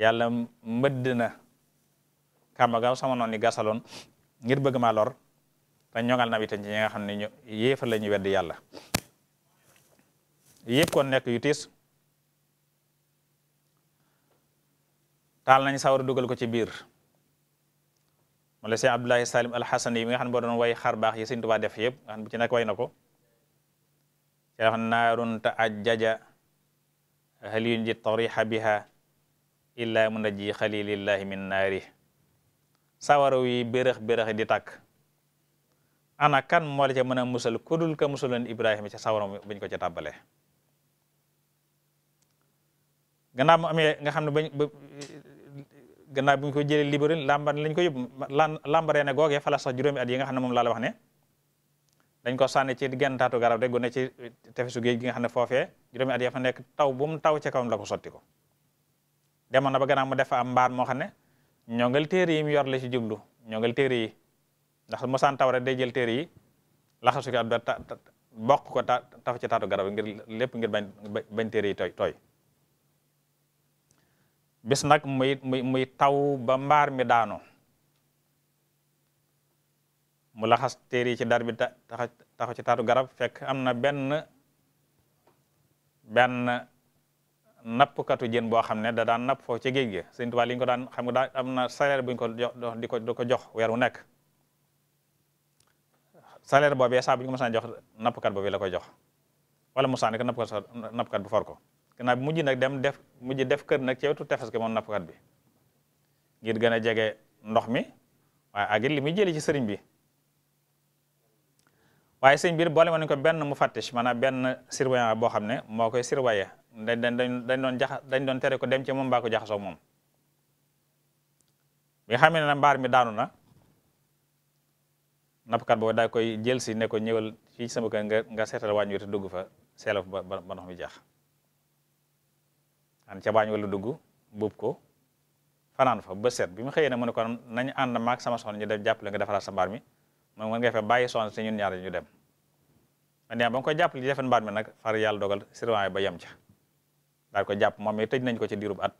S1: yàlla mbëdd na kàmbaga sama noon ni gasaloon ngir bëgg ma lor te ñoŋal na witan ci ñi ne ñu yéefar la ñu weddi yàlla yëpp kon nekk yu taal nañ sawar dugal ko ci biir mu la si Abdullahi Salim Al yi nga xam ne boo doon way xar baax yi Sëñ Tuubaa def yëpp nga xam bu ci nekk na ko ca wax naarun ta ajjaja hal yunji tariha biha illa munaji xalilillahi min naari sawara wi bérëx-bérëx di tàkk ana kan moo la ca mën a musal kudul ka musuloon ibrahima ca sawara bañ ko ca tàbbale gannaaw mu amee nga xam ne bañ gannaaw bi ñu ko jëlee libéré lambar lañ ko yóbbu lambaree ne googee fala sax juróomi at yi nga xam ne moom laa la dañ ko sànni ci gentaatu garab de gu ne ci tefesu géej gi nga xam ne foofee juróomi at ya fa nekk taw bu mu taw ci kawam la ko sotti ko demoon na ba gannaaw mu def am mbaar moo xam ne ñongal téere yi mu yor la ci jublu ñongal téere yi ndax mosaan taw rek day jël téere yi laxasu ko ab bokk ko ta taf ci taatu garab ngir lépp ngir bañ bañ téere yi tooy tooy bis nag muy muy muy taw ba mbaar mi daano mu laxas téere yi ci dar bi tax taxaw ci taatu garab fekk am na benn benn nappkatu jën boo xam ne da daal napp foofu ci géej gi Sëriñ Tuubaa li ñu ko daan xam nga am na salaire buñ ko jox di ko jox weer nekk salaire boobee saa bu ñu ko mësaan jox nappkat boobu la koy jox wala mosaan rek nappkat nappkat bu for ko gannaaw mujj nag dem def mujj def kër nag ci wetu tefes gi moom nappkat bi ngir gën a jege ndox mi waaye ak li muy jëlee ci sëriñ bi waaye sëñ biir boole woon nañu ko benn mu mufattish maanaam benn surveillant boo xam ne moo koy surveillé dañ dañ dañ doon jaxa dañ doon tere ko dem ci moom mbaa ko jaxasoo moom bi nga xam ne mbaar mi daanu na nappkat boobu daal koy jël si ne ko ñëwal fii sama kër nga nga seetal waañ wi te dugg fa seelof ba ba ndox mi jeex an ca waañ wala dugg buub ko fanaan fa ba seet bi mu xëyee ne mu ne ko nañ ànd maag sama soxna ñu def jàppale nga defaraat sa mbaar mi moom mën ngay fexe bàyyi soxna si ñun ñaar ñu dem man yaa ba nga koy jàpp li defen mbaat mi nag far yàlla dogal surveillant ba yem ca daal ko jàpp moom it tëj nañ ko ci diirub at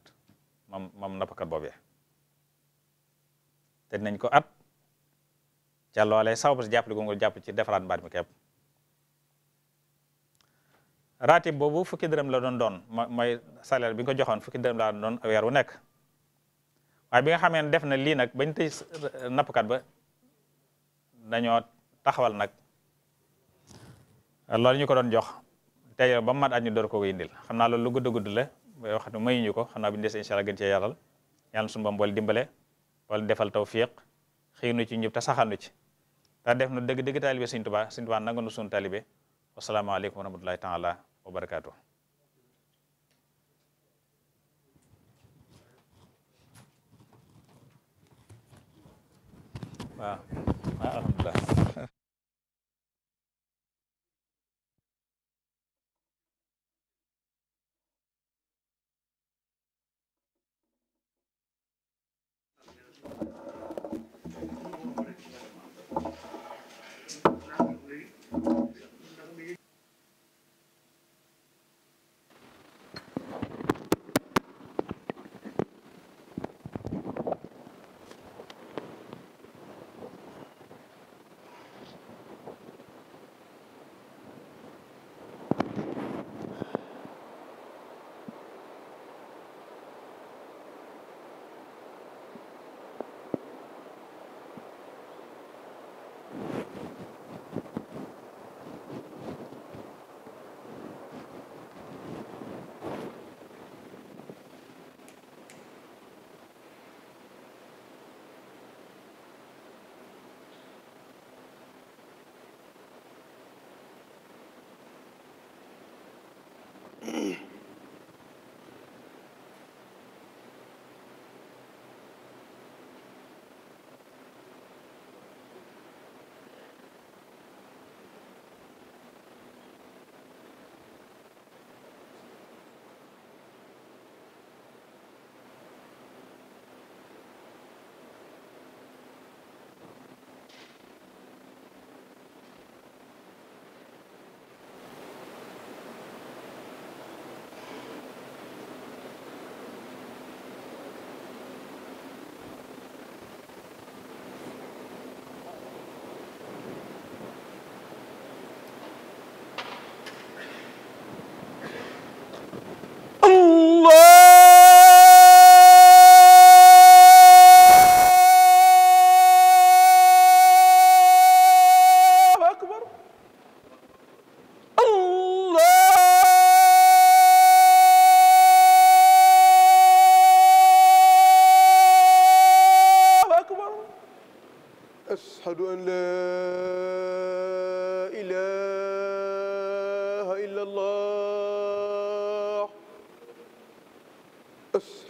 S1: moom moom nappkat boobee nañ ko at ca loolee jàppale ko jàpp ci defaraat mbaat mi képp raatib boobu fukki dërëm la doon doon mooy salaire bi nga ko joxoon fukki dërëm la doon doon weer wu nekk waaye bi nga xamee ne def na lii nag bañ tëj nappkat ba dañoo taxawal nag loolu ñu ko doon jox tey ba mu mat at ñu door ko indil xam naa loolu lu gudd gudd la wax nu mayuñu ko xam naa bu ñu desee incha allah gën cee yàllal yàlla suñu dimbale wala defal tawfiq xëy nu ci ñëpp te saxal ci def nu dëgg dëgg taalibe Sëriñ Tuubaa Sëriñ Tuubaa nangu nu suñu taalibe wasalaamaaleykum wa rahmatullahi taala wa barakaatu waaw voilà. [LAUGHS]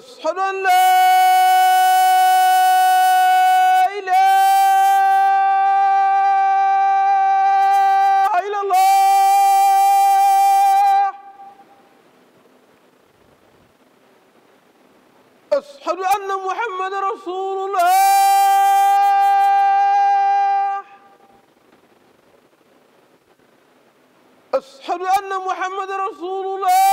S3: أشهد أن لا أشهد أن محمد رسول الله أشهد أن محمد رسول الله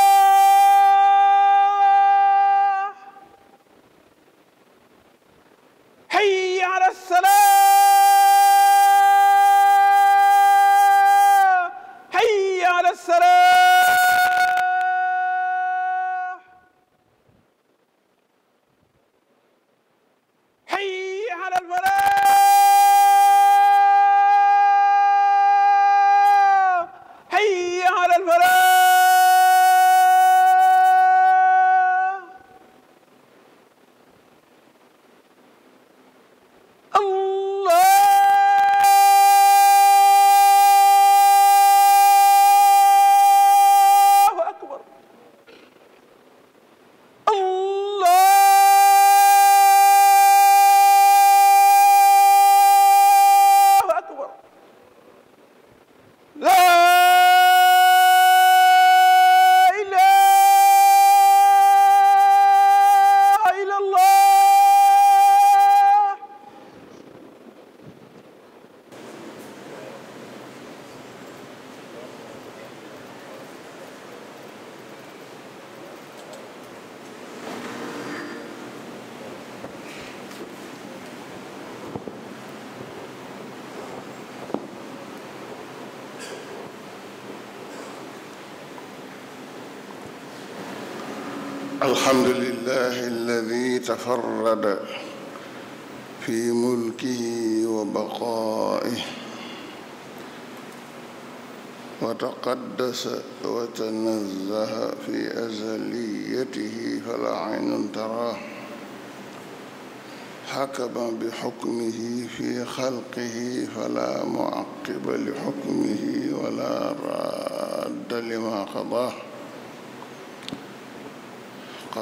S4: الحمد لله الذي تفرد في ملكه وبقائه وتقدس وتنزه في أزليته فلا عين تراه حكم بحكمه في خلقه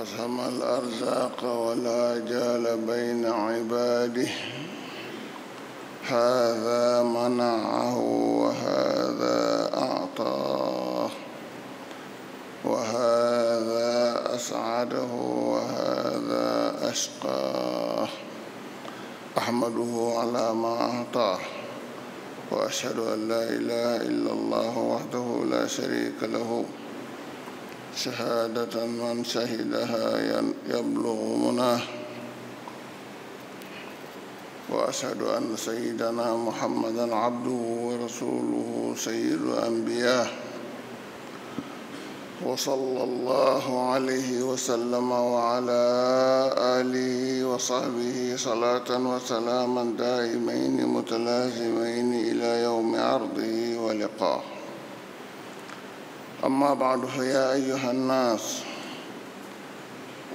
S4: قسم الأرزاق ولا جال بين عباده هذا منعه وهذا أعطاه وهذا أسعده وهذا أشقاه أحمده على ما أعطاه وأشهد أن لا إله إلا الله وحده لا شريك له شهادة من شهدها يبلغ مناه وأشهد أن سيدنا محمدا عبده ورسوله سيد الأنبياء وصلى الله عليه وسلم وعلى آله وصحبه صلاة وسلاما دائمين متلازمين إلى يوم عرضه ولقاه أما بعد فيا أيها الناس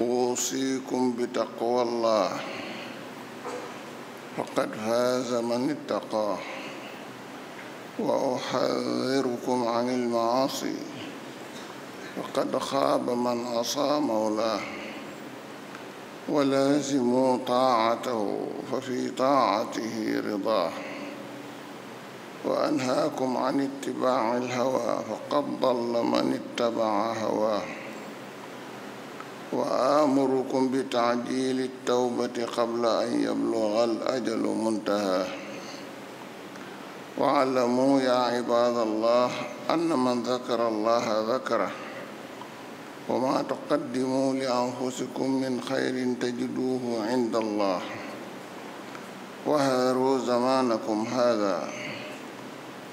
S4: أوصيكم بتقوى الله فقد فاز من اتقاه وأحذركم عن المعاصي فقد خاب من عصى مولاه ولازموا طاعته ففي طاعته رضاه وأنهاكم عن اتباع الهوى فقد ضل من اتبع هواه وآمركم بتعجيل التوبة قبل أن يبلغ الأجل منتهاه واعلموا يا عباد الله أن من ذكر الله ذكره وما تقدموا لأنفسكم من خير تجدوه عند الله وهاروا زمانكم هذا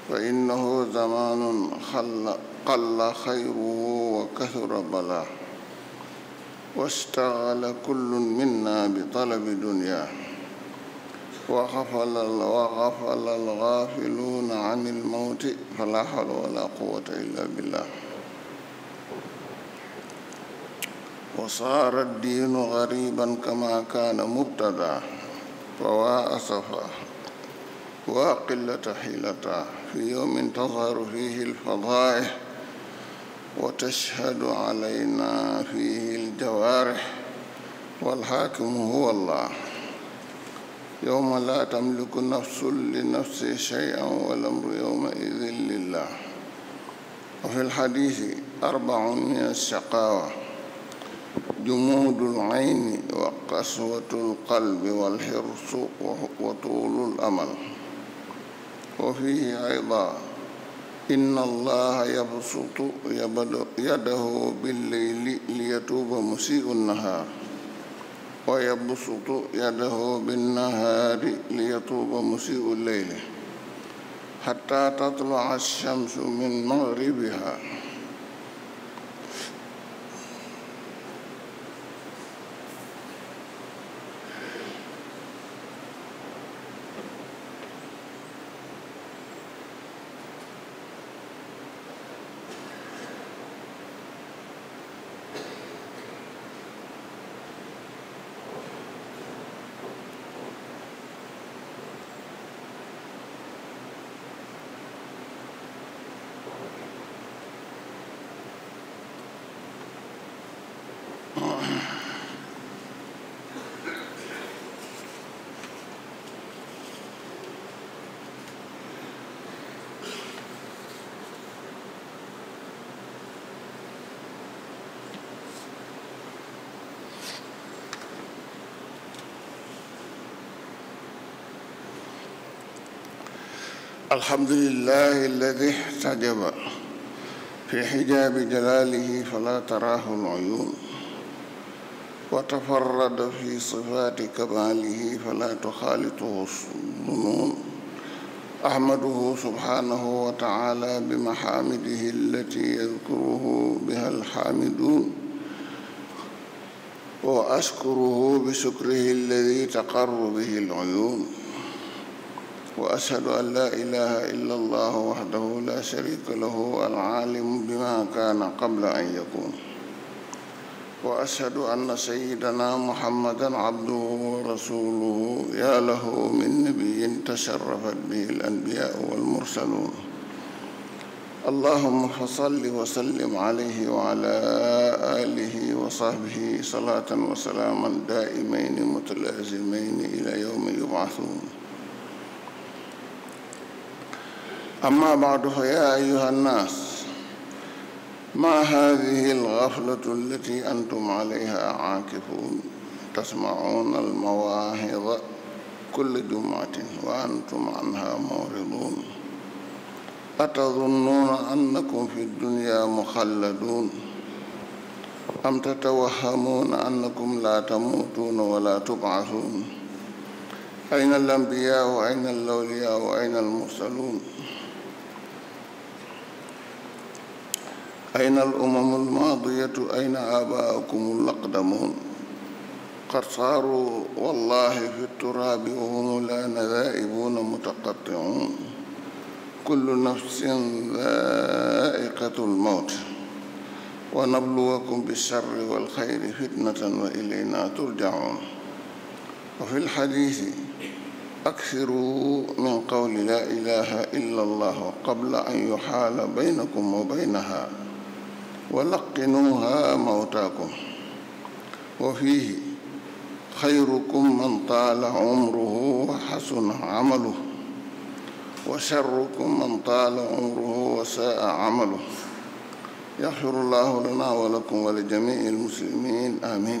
S4: فإنه زمان خل قل خيره وكثر بلاه واشتغل كل منا بطلب دنياه وغفل وغفل الغافلون عن الموت فلا حول ولا قوة إلا بالله وصار الدين غريبا كما كان مبتدا فوا أسفا waa qillata xiilata fi yowmin tazharu fihi alfadaa'ih wa tashhadu alayna fihi aljawaarih walxaakimu huwa allah yowma laa tamliku nafsun li nafsin shay'an wal amru yowma idin lillah wa fi lxadiisi arbacun min alshaqaawa jumuudu lcayni wa qaswatu lqalbi walxirsu wa tuulu lamal وفيه عظا إن الله يبسط يده بالليل ليتوب مسيء النهار ويبسط يده بالنهار ليتوب مسيء الليل حتى تطلع الشمس من مغربها الحمد لله الذي احتجب في حجاب جلاله فلا تراه العيون وتفرد في صفات كماله فلا تخالطه الظنون أحمده سبحانه وتعالى بمحامده التي يذكره بها الحامدون وأشكره بشكره الذي تقر به العيون واشهد ان لا اله الا الله وحده لا شريك له العالم بما كان قبل ان يكون واشهد ان سيدنا محمدا عبده ورسوله يا له من نبي تشرفت به الانبياء والمرسلون اللهم فصل وسلم عليه وعلى اله وصحبه صلاه وسلاما دائمين متلازمين الى يوم يبعثون أما بعد فيا أيها الناس ما هذه الغفلة التي أنتم عليها عاكفون تسمعون المواعظ كل جمعة وأنتم عنها معرضون أتظنون أنكم في الدنيا مخلدون أم تتوهمون أنكم لا تموتون ولا تبعثون أين الأنبياء وأين الأولياء وأين المرسلون أين الأمم الماضية أين آباؤكم الأقدمون قد صاروا والله في التراب وهم لنا ذائبون متقطعون كل نفس ذائقة الموت ونبلوكم بالشر والخير فتنة وإلينا ترجعون وفي الحديث أكثروا من قول لا إله إلا الله قبل أن يحال بينكم وبينها ولقنوها موتاكم وفيه خيركم من طال عمره وحسن عمله وشركم من طال عمره وساء عمله يغفر الله لنا ولكم ولجميع المسلمين آمين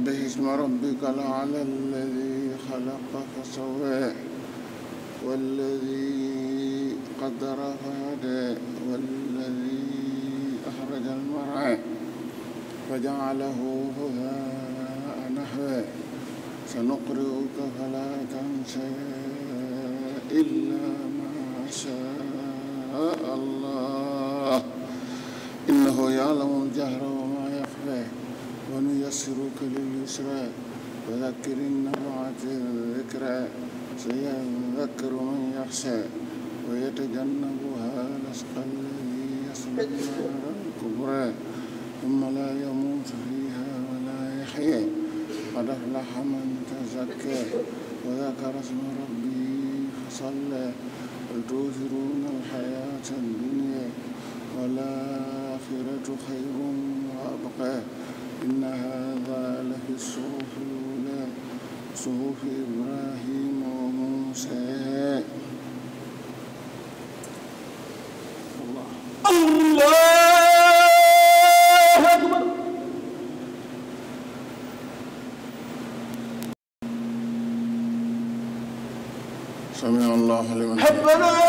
S4: سبح اسم ربك الأعلى الذي خلق فسوى والذي قدر فهدى والذي أخرج المرعى فجعله هداء نحوى سنقرئك فلا تنسى إلا ما شاء الله إنه يعلم الجهر ويسرك لليسرى وذكر النفعة الذكرى سيذكر من يخشى ويتجنبها الأشقى الذي يصلى النار الكبرى ثم لا يموت فيها ولا يحيى قد أفلح من تزكى وذكر اسم ربه فصلى بل تؤثرون الحياة الدنيا والآخرة خير وأبقى إن هذا لفي الصحف الأولى صحف إبراهيم وموسى
S2: الله الله أكبر
S4: سمع الله لمن حبنا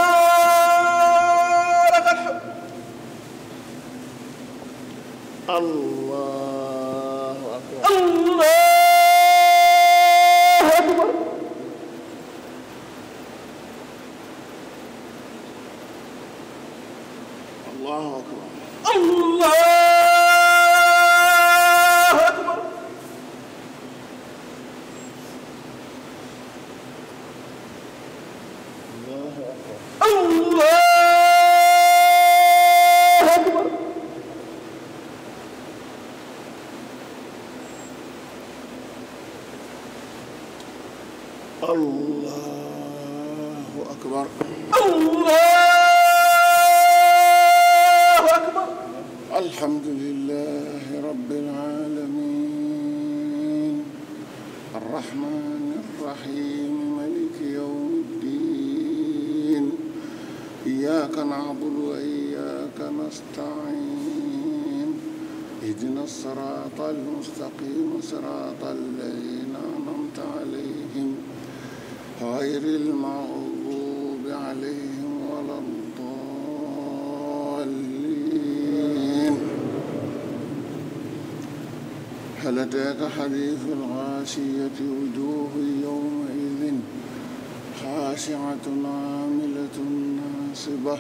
S4: خاشعة عاملة ناصبة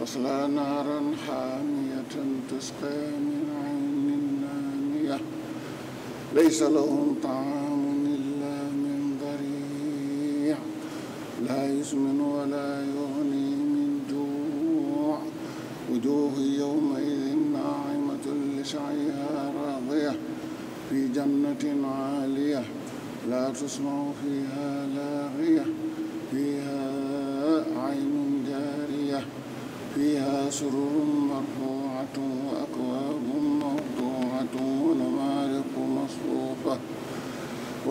S4: تصلى نارا حامية تسقى من عين نانية ليس لهم طعام إلا من ضريع لا يسمن ولا يغني من جوع وجوه يومئذ ناعمة لسعيها راضية في جنة عالية لا تسمع فيها لاغية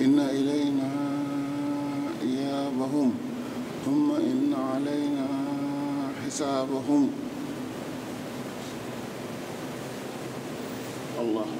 S4: إن إلينا إيابهم ثم إن علينا حسابهم الله